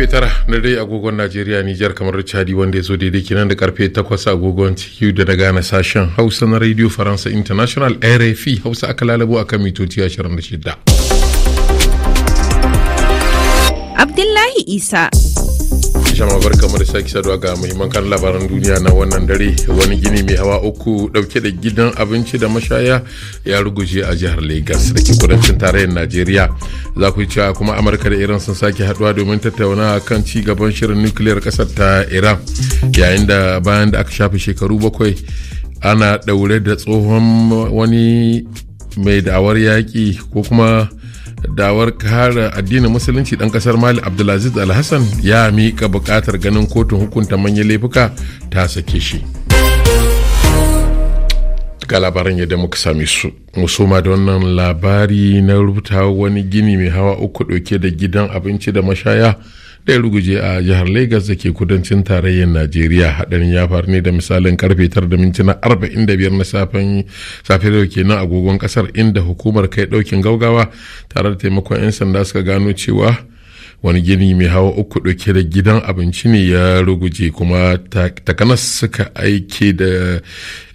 karfe tara na dai agogon najeriya nijar kamar chadi wanda ya zo daidai kenan da karfe takwas agogon ciki da na gane sashen hausa na radio faransa international rfi hausa aka lalabo a kan mitoci 26 abdullahi isa jama'a kamar da sake saduwa ga muhimman kan labaran duniya na wannan dare wani gini mai hawa uku dauke da gidan abinci da mashaya ya ruguje a jihar lagos da ke kudancin tarayyar najeriya za ku cewa kuma amurka da iran sun sake haduwa domin tattauna kan ci gaban shirin nukiliyar kasar ta iran yayin da bayan da aka shafi shekaru bakwai ana daure da tsohon wani mai da'awar yaƙi ko kuma dawar kare addinin musulunci dan kasar mali abdulaziz alhassan ya miƙa buƙatar ganin kotun hukunta manyan laifuka ta sake shi. ga labaran yadda muka sami su ma da wannan labari na rubuta wani gini mai hawa uku dauke da gidan abinci da mashaya da ya ruguje a jihar lagos da ke kudancin tarayyar najeriya hadarin ya faru ne da misalin karfe tara da mintuna biyar na safen safe da nan agogon kasar inda hukumar kai daukin gaugawa tare da taimakon 'yan sanda suka gano cewa wani gini mai hawa uku ɗauke da gidan abinci ne ya ruguje kuma takanas suka aike da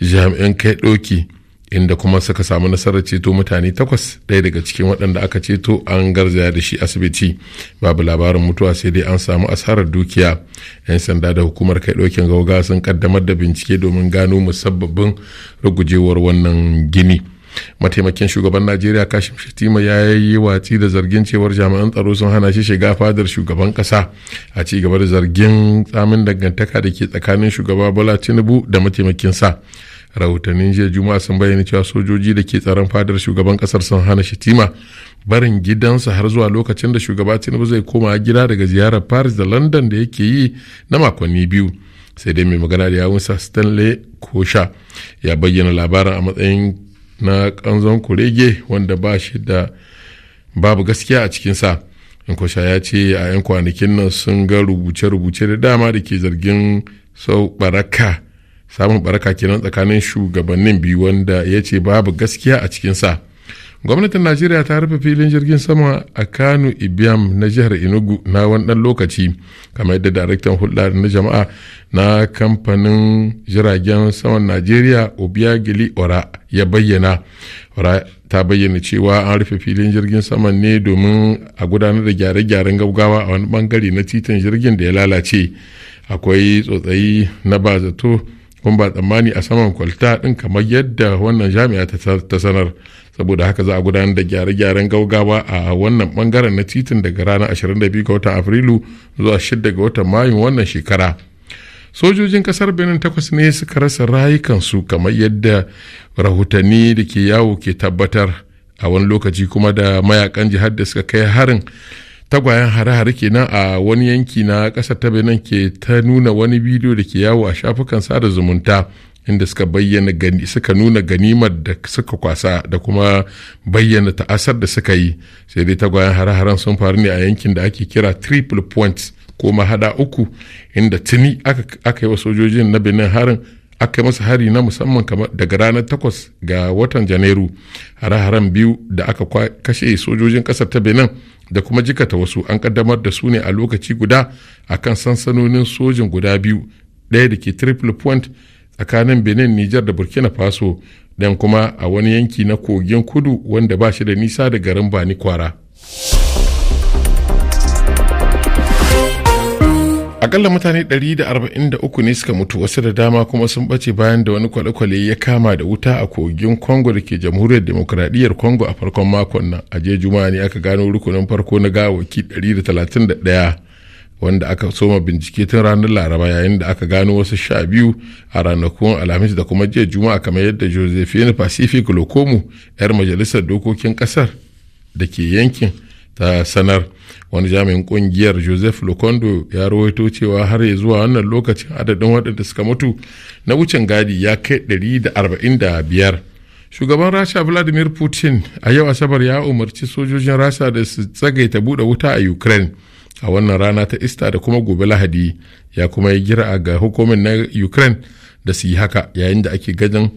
jami'an kai ɗauki inda kuma suka samu nasarar ceto mutane takwas ɗaya daga cikin waɗanda aka ceto an garzaya da shi asibiti babu labarin mutuwa sai dai an samu asarar dukiya 'yan sanda da hukumar kai ɗaukin gauga sun kaddamar da bincike domin gano musabbabin rugujewar wannan gini. mataimakin shugaban najeriya kashim shatima ya yi watsi da zargin cewar jami'an tsaro sun hana shi shiga fadar shugaban kasa a ci gaba da zargin tsamin dangantaka da ke tsakanin shugaba bola tinubu da mataimakin sa. rahotannin jiya juma'a sun bayyana cewa sojoji da ke tsaron fadar shugaban kasar sun hana shatima barin gidansa har zuwa lokacin da shugaba tinubu zai koma gida daga ziyarar paris da london da yake yi na makonni biyu sai dai mai magana da yawun sa stanley kosha ya bayyana labarin a matsayin na kanzon kurege wanda ba shi da babu gaskiya a cikinsa inkosha ya ce a 'yan kwanakin nan sun ga rubuce-rubuce da dama da ke zargin sau baraka samun baraka kenan tsakanin shugabannin biyu wanda ya ce babu gaskiya a cikinsa gwamnatin najeriya ta rufe filin jirgin sama a kano ibiam na jihar enugu na wani dan lokaci kamar yadda daraktan hulɗa na jama'a na kamfanin jiragen saman najeriya gili ora ya bayyana ora ta bayyana cewa an rufe filin jirgin saman ne domin a gudanar da gyare-gyaren gaugawa a wani bangare na titin jirgin da ya lalace akwai tsotsayi na ba zato kuma ba tsammani a saman kwalta ɗin kamar yadda wannan jami'a ta sanar saboda haka za a gudanar da gyare-gyaren gaugawa a wannan bangaren na titin daga ranar 22 ga watan afrilu zuwa 6 ga watan mayun wannan shekara sojojin kasar benin takwas ne suka rasa rayukansu kamar yadda rahotanni da ke yawo ke tabbatar a wani lokaci kuma da mayakan jihar da suka kai harin tagwayen hare-hare kenan a wani yanki na ƙasar ta benin ke ta nuna wani bidiyo da ke yawo a shafukan sada zumunta inda suka bayyana gani suka nuna ganimar da suka kwasa da kuma bayyana ta'asar da suka yi sai dai tagwayen hare-haren sun faru ne a yankin da ake kira triple points ko mahada uku inda tuni aka yi wa sojojin na benin harin aka masa hari na musamman daga ranar 8 ga watan janairu hare-haren biyu da aka kashe sojojin kasar ta benin da kuma jikata wasu an kaddamar da su ne a lokaci guda a kan sansanonin sojin guda biyu ɗaya da ke triple point tsakanin benin niger da burkina faso dan kuma a wani yanki na kogin kudu wanda ba shi da nisa da garin bani kwara. akalla mutane 143 ne suka mutu wasu da dama kuma sun bace bayan da wani kwale-kwale ya kama da wuta a kogin congo da ke jamhuriyar demokradiyyar congo a farkon makon nan a juma'a ne aka gano rukunin farko na gawaki 131 wanda aka soma bincike tun ranar laraba yayin da aka gano wasu sha biyu a ranakun alhamis da kuma jiya juma'a kamar yadda josephine pacific lokomu 'yar majalisar dokokin kasar da ke yankin ta sanar wani jami'in kungiyar joseph lokondo ya rawaito cewa har ya zuwa wannan lokacin adadin waɗanda suka mutu na wucin gadi ya kai ɗari da da arba'in biyar. shugaban rasha vladimir putin a yau asabar ya umarci sojojin rasha da su tsagaita buɗe wuta a ukraine a wannan rana ta ista da kuma gobe lahadi ya kuma yi gira ga hukumin na ukraine da su yi haka yayin da ake gajin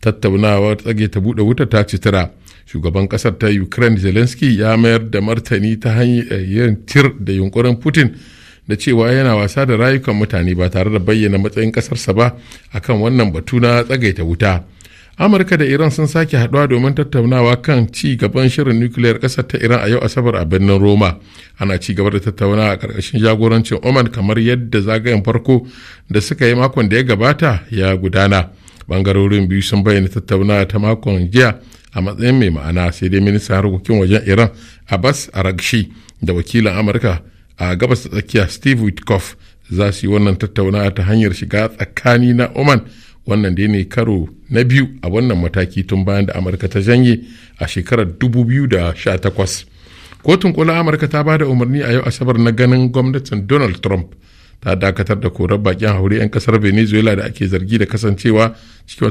tattaunawa tsage ta buɗe wuta ta citira shugaban kasar ta ukraine zelensky ya mayar da martani ta hanyar eh, tir da yunkurin putin da cewa yana wasa da rayukan mutane ba tare da bayyana matsayin kasarsa ba akan wannan batu na tsagaita wuta amurka da iran sun sake haduwa domin tattaunawa kan ci gaban shirin nukiliyar kasar ta iran a yau asabar a birnin roma ana ci gaba da tattaunawa a karkashin jagorancin oman kamar yadda zagayen farko da suka yi makon da ya gabata ya gudana bangarorin biyu sun bayyana tattaunawa ta makon jiya a matsayin mai ma'ana sai dai minista harkokin wajen iran abbas aragshi da wakilin amurka a gabas ta tsakiya steve witkoff za su yi wannan tattaunawa ta hanyar shiga tsakani na oman wannan da ne karo na biyu a wannan mataki tun bayan da amurka ta janye a shekarar 2018 kotun kula amurka ta ba da umarni a yau asabar na ganin gwamnatin donald trump ta dakatar da korar bakin haure 'yan kasar venezuela da ake zargi da kasancewa cikin